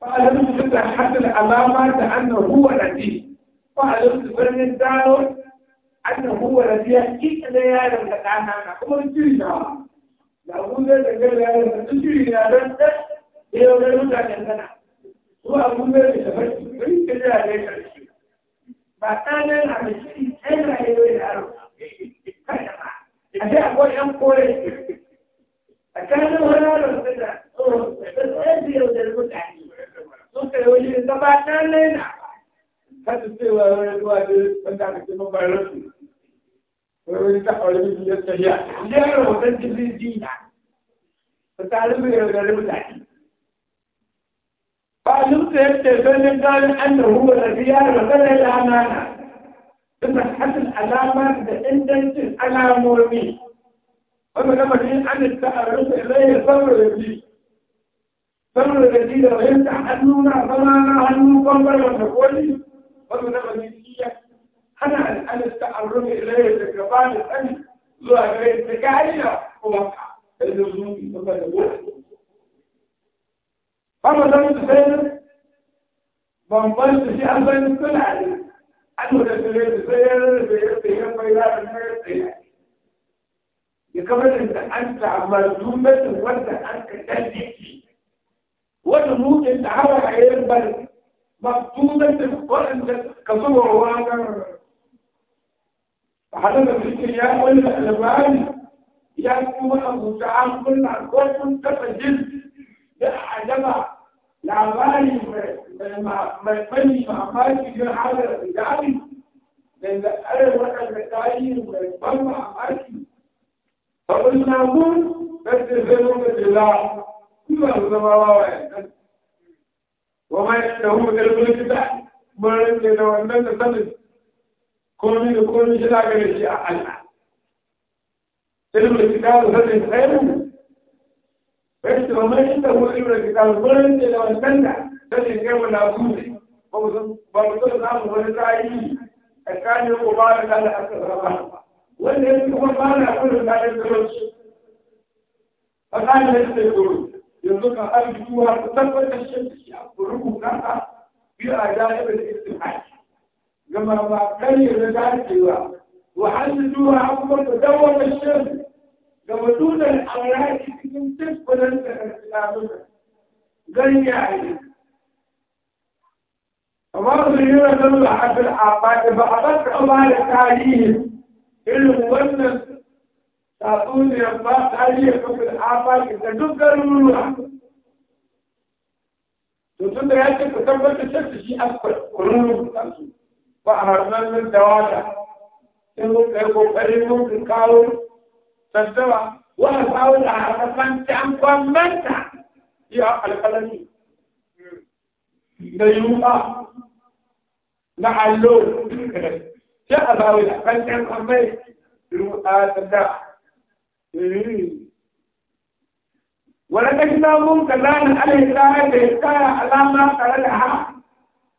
فعلمت سنة حتى العلامة أنه هو الذي فعلمت سنة داود أنه هو الذي يحقق ليالا لتعانا كما نجرنا لأقول لك ليالا نجري ليالا ليالا نجري لنا هو أقول لك لفرق كذا ليس ba tsanin a mishi ɗan rayuwa da aro kada ba a sai akwai ɗan kore a tsanin wani aro da zai yaudar mutane suka yi wani gabatar laina kasu cewa wani zuwa da wanda aka ce mabarar su wani ta aure miki ya tsariya ya rahoton jirgin dina ta tare mai yaudar mutane ba lumsa yadda zanen gani an da huwa da biya da zanen lamana ثم حتى العلامات بإنجنس العلامومي ومن لما عن التعرف إليه صبر فيه saboda dalilin fahimta hannuna zama na hannu bangaren da kwalli wanda na mazikiyya hana al'adasta an rufe ilayya da gaba da tsani zuwa gare ta kariya ko maka da zuzuki da bada gobe. Fama zan su sai bamban su shi an zan suna ne an da su ne su sai ya rufe ya rufe ya bai za su sai ya tsaye. Ya kamar da an ta amma dumbin wanda an ka ɗan jiki وجنود الدعوة هيقبل مكتوبة القرآن كصور وانا فحدث في الكيان والألمان يكتب أبو تعال كل عقوة تفجل لأعجبة لعبالي مبني معماتي في هذا الرجال لأن أرى وأنا تاير ويبني معماتي فقلنا نقول بس الزلوم الجلال كل السماوات وما يشتهون من الكتاب ما يمكن أن نتصل كل من كل شيء لا غير شيء أحد علم الكتاب هذا خير بس وما يشتهون علم الكتاب ما يمكن أن نتصل sai ne mu na gure ba mu ba mu so za mu wani ra'ayi a kan yau ba da kan aka raba wanda yake kuma ba na kullum da yake ba kan yake gure yanzu ka aikuwa ta tabbatar shi a rubuta ka bi a jami'ar istihaki gama ba kai da dacewa wa hajjuwa abubuwan da dawon da shi ga mutunan auraki cikin tattalin da karfiya gani ya yi amma su yi na zama a kan abada ba a ba ta ba da tarihi irin wannan tatsuniyar ba ta yi ya kafin afaki da duk garin ruwa to tun da ya ce ka tabbatar da shi a kurun su ba a harnar min da wata in mun kai kokarin mun kawo tattawa wani kawo da harafan ta an kwamanta ya alƙalami da yunwa na allo sai a zawo da kan kwamai ruwa ta ولكن لهم كلام على إسرائيل بإسرائيل على ما قال لها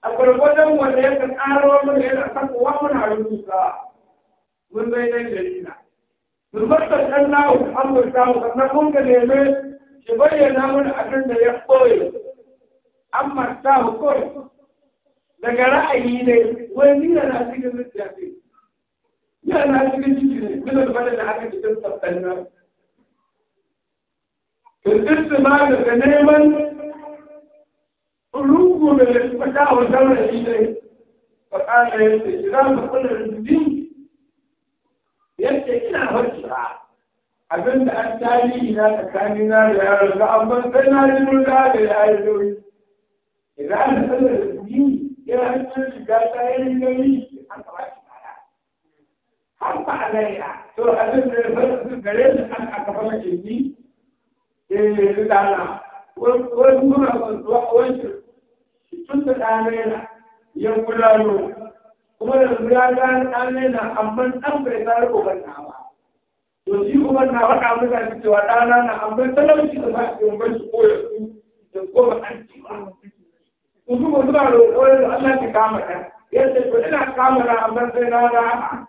أقول قدم وليس الآن ومن إلى تقوى من على موسى من بين الذين نفسر لنا وحمد الله فنقوم كلمة شبينا من أجل يقول أما الساهو كل daga ra'ayi ne wani nila na cikin zuciya لأن هذه من البلد حاجة تنسى التنمية الدرس ما تتنيما قلوبه من الفتاة والدولة إليه فقال الإسلام كل الدين يبقى إلى هجرة abin da an tarihi na tsakanina da yaron da an ban sai na ji mun da da yaron idan an sanar da ni yana cikin shiga ta yayin gani an kawai alaina to abin da ya fi gare ni an aka fara kirki eh dana wani wani tun da ya kuma da ya amma bai tsara to shi kuma na faɗa cewa na amma talauci da ba su bar su da an ci ba roƙo da Allah yadda ina amma sai na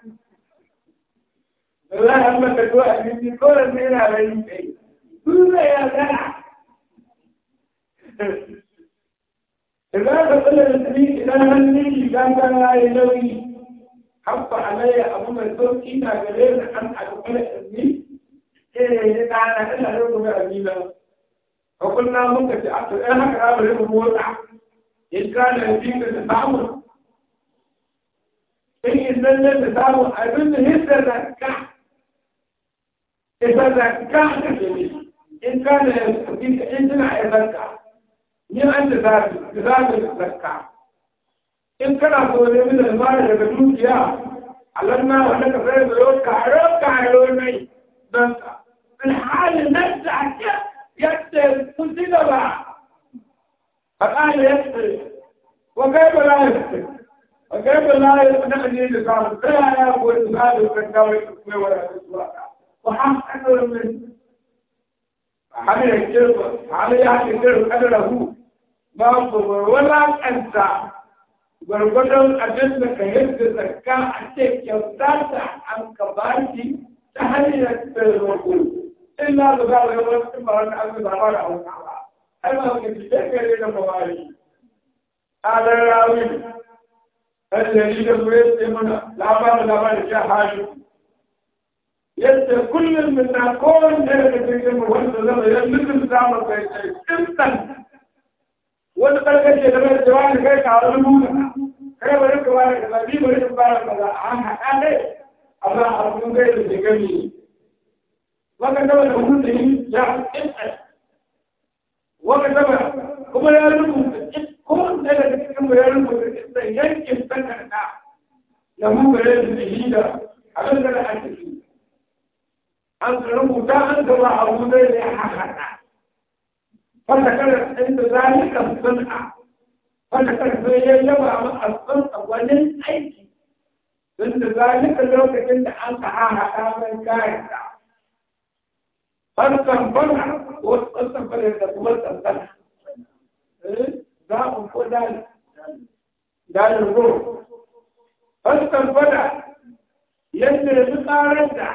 لا هم تقوى من كل من على شيء كل يا دلع لا تقل للنبي لا هني كان لا يلوي حط علي أبو مسعود إن غير أن أقبل أبني إيه تعالى إلا لكم أبينا وقلنا منك في أكثر إيه هكذا لكم وضع إن كان فيك تتعامل إن إيه، لم تتعامل أبن هذا الكعب إذا كان جميل إن كان فيك عندنا يزكى من عند ذاته بذات الزكاة إن كان قولي من المال لبدوك يا علمنا وأنك فيه بيوتك عرفك عيوني بنك الحال نفسك يكتب كنت بقى فقال يكتب وكيف لا يكتب وكيف لا يكتب نحن نجي لصالح فيها يا أبو الإنسان وكتاوي ولا تسوى عمل الجر عمل يعني الجر قدره ما ضر ولا أنت gwargwadon abin da ka yadda zakka a ce kyauta ta an ka baki ta hanyar tsirroku in na da za a yi wani cimma wani abin da ba da hauka ba har ma ka ci ɗan gare da mawari adar rawi ɗan jari da kuma ya ce mana labarin labarin ya hajji يبدا كل من نقول نرجع في جنب وانت لما يلمس الزعمة an rubuta an gaba a wuzai da ya haka wanda kada inda zalika sun'a wanda kada sai ya yaba ma as-sun'a wani aiki inda zalika lokacin da an ka haka mai kayan da farkan bana ko tsantsan bane da kuma tsantsan za a ko dalil dalil ro farkan bana yadda ya fi tsarar da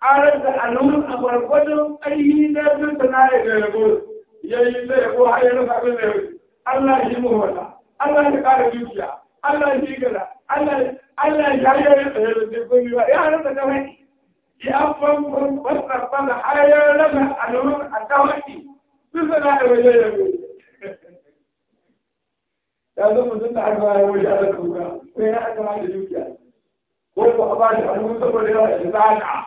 ƙarar da alamun a gwargwadon ainihin zafin ta na da yabo ya yi zai ko har yana sabon da yabo Allah ya yi mawata Allah ya ƙara dukiya Allah ya gada Allah Allah ya yi yare da yabo da gomi ba ya rasa da wani ya fanfan wasarfa da har ya rasa alamun a dawaki sun sana da wajen yabo ya zo mutum da aka bayar wajen alaƙa kuka ko ya aka bayar da dukiya ko ko a ba shi alamun saboda yawa da zaka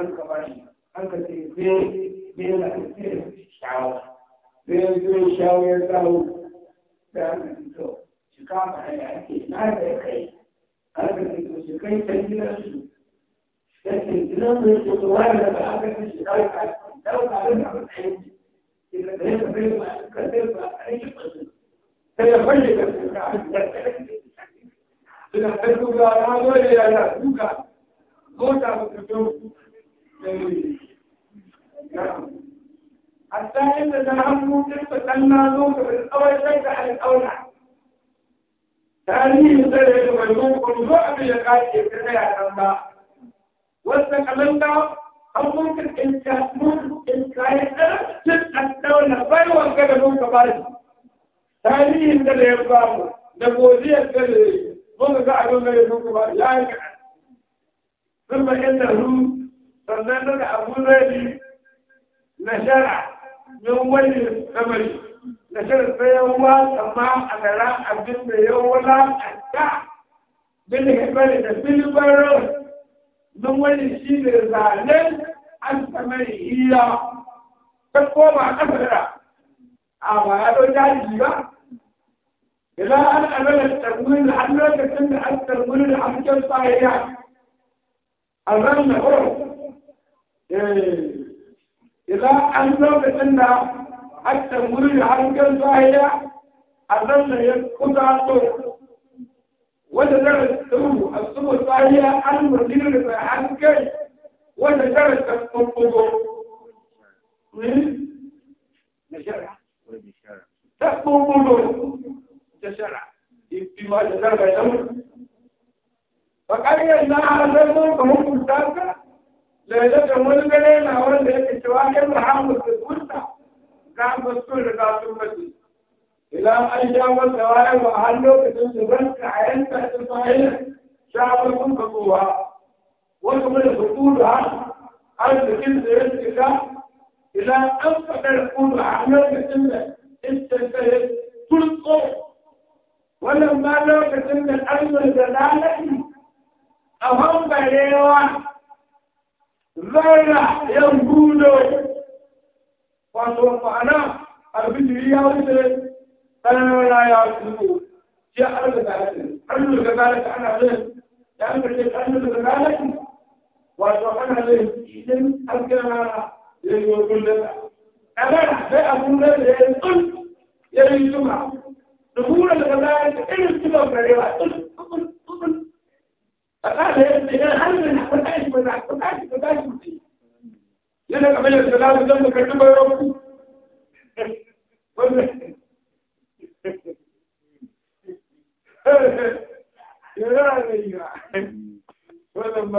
an ka bashi an ka ce zai yana da shawo zai zai shawo ya zawo da an ka ce to shi kama hanya ake na da kai an ka ce to shi kai ta gidansu لكن لم يكن وارد بعدك الشرايط لو تعلمها بالحج إذا كانت بيضة كثيرة أي قصد فيخلق الشرايط إذا حلوا لا يعلمون إلا يعلموك قوتا da ta hannu kirka kanna zo ka bin tsawon shaida a tsauna. Tarihin tsare da bai zo ku zo abin ya kace ka tsaya nan ba. Wasu kalanda an mun kirkin ta mun kirka ya tsara cin tsauna bai wanka da mun ka bari. Tarihin da ya ba mu da godiyar da ya yi mun ga abin da ya zo ku bari ya yi kaɗan. Sun bayyana su sannan daga abu zai na shara min wani samari da kan sayan wasa ma a gara abin da ya wulakanta bin hibari da filbarar min wani shi ne zanen an samari iya ta koma a ƙasa da a ba ya ɗau jaji ba إلى أن أمل التمويل لأنه يتم التمويل لحمد الصحيح الرمل هو إيه إذا أن أن حتى مري حركة صاحية أظن يقطع الطرق وتدرس السوء السوء صاحية أن مرير في حركة وتدرس الطرق نشرع تقوم تشرع بما تدرس فقال إن هذا المنكر zaton wani gare na wanda yake cewa ya rahamu da kunta ga mutum da ga sun mutu ila an sha masa wayan ba har lokacin su ranka a yanka ta sahihin shafin kun ka kowa wasu mai hukudu ha arzikin da ya shiga ila an faɗar kudu a lokacin da iskanta ya turko wannan ba lokacin da an zai da lalaki a hanbarewa لا ينقول وتوفعنا البدري يا وسل قالوا لا يا وسل جاء الغزالة أن الغزالة أنا غير لأن أن الغزالة وتوفعنا غير إذن أذكرنا يقول لنا أنا لا أقول لك يلي جمعة دخول الغزالة إلى السبب الرواية أقول أقول أقول هذا هل من أحد أيش من أحد nan kamar yadda na zan da karɓi bai rabu yana da yi ba